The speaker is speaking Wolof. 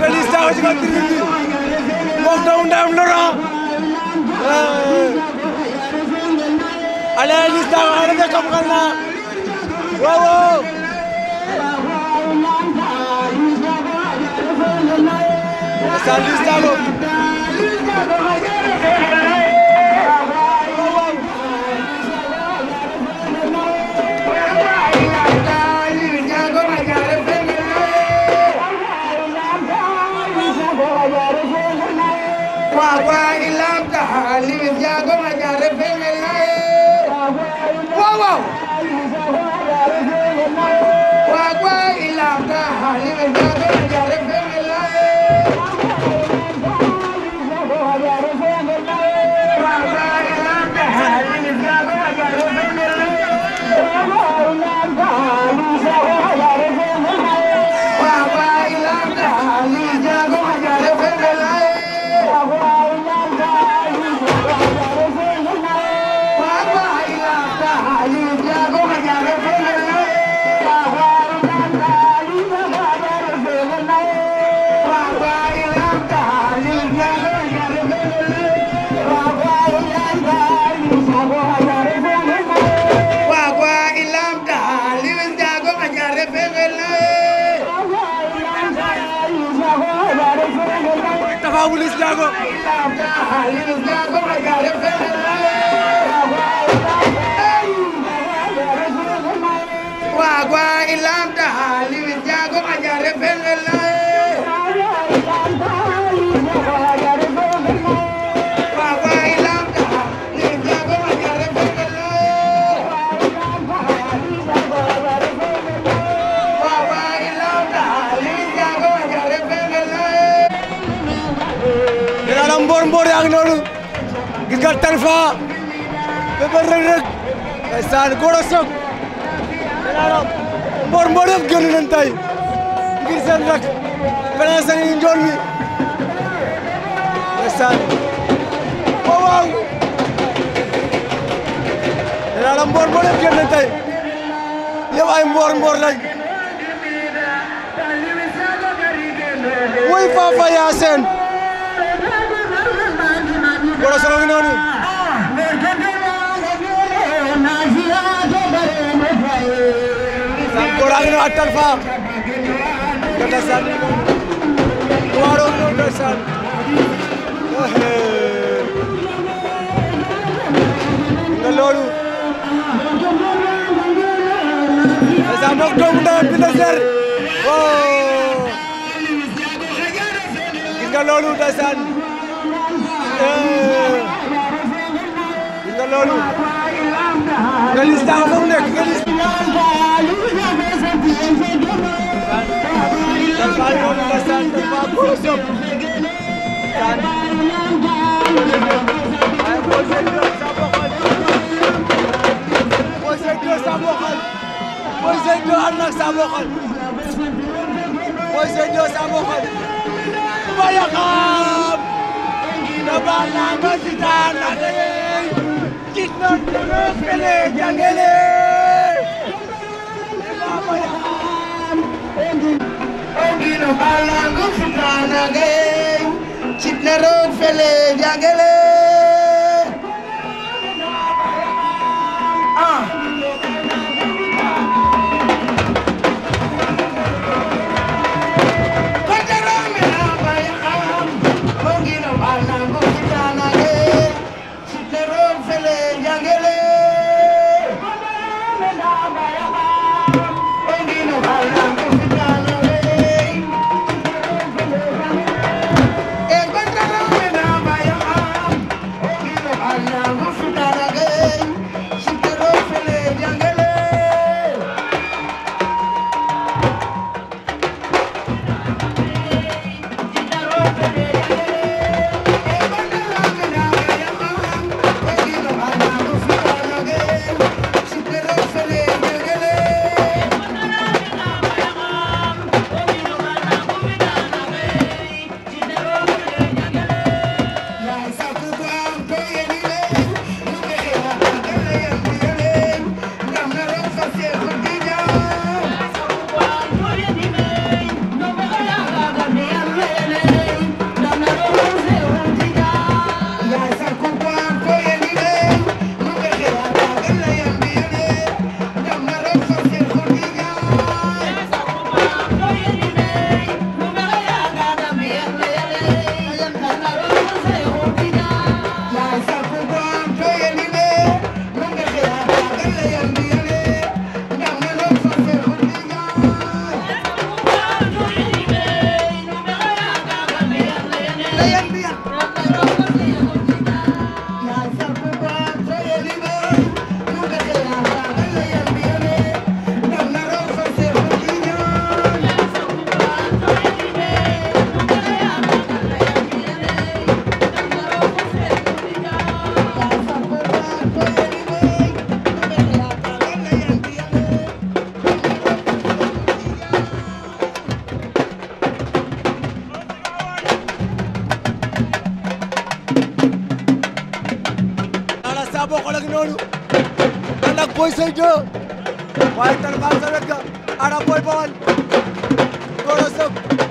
Félix Daouda ci kaw tribune bi moom doomu ndeyam Laurent eh. allez Félix Daouda rek nga xam-xam naa waaw waaw Félix Daouda waawaa i laam taxaa li wis jaago ma jaare feeñel na yee waawaaw Papa Woulis Ndiago wa gwa maanaam mboor mboor yaa ngi noonu gis nga Talfa bébé Reug Reug ndeysaan Gora Sock mboor mboor yëpp génn nañ tey ngir seen rak beneen seen i njool mi ndeysaan oh, waaw waaw nee naa mboor mboor yëpp génn nañ tey yëpp ay mboor mboor lañ woy Fafa wala solo ngi noonu sam ko raangi no attal fa kata san waro no da san nga loolu sam nok doomu ndayam bi na ser wo gis loolu da san di nga loolu nga lis daa moom nekk nga lis Talfa yoon la sant Talfa boo sop Boy Seydou sa bokkal Boy Seydou ànd ak sa bokkal Boy Seydou sa bokkal Bayakar Tabana sitana de Jitno pele jangele Ongi no balango sitana de Jitno Boy Seye 2 waaye Talfa sa wet ga ana Boy Baol Gora Sock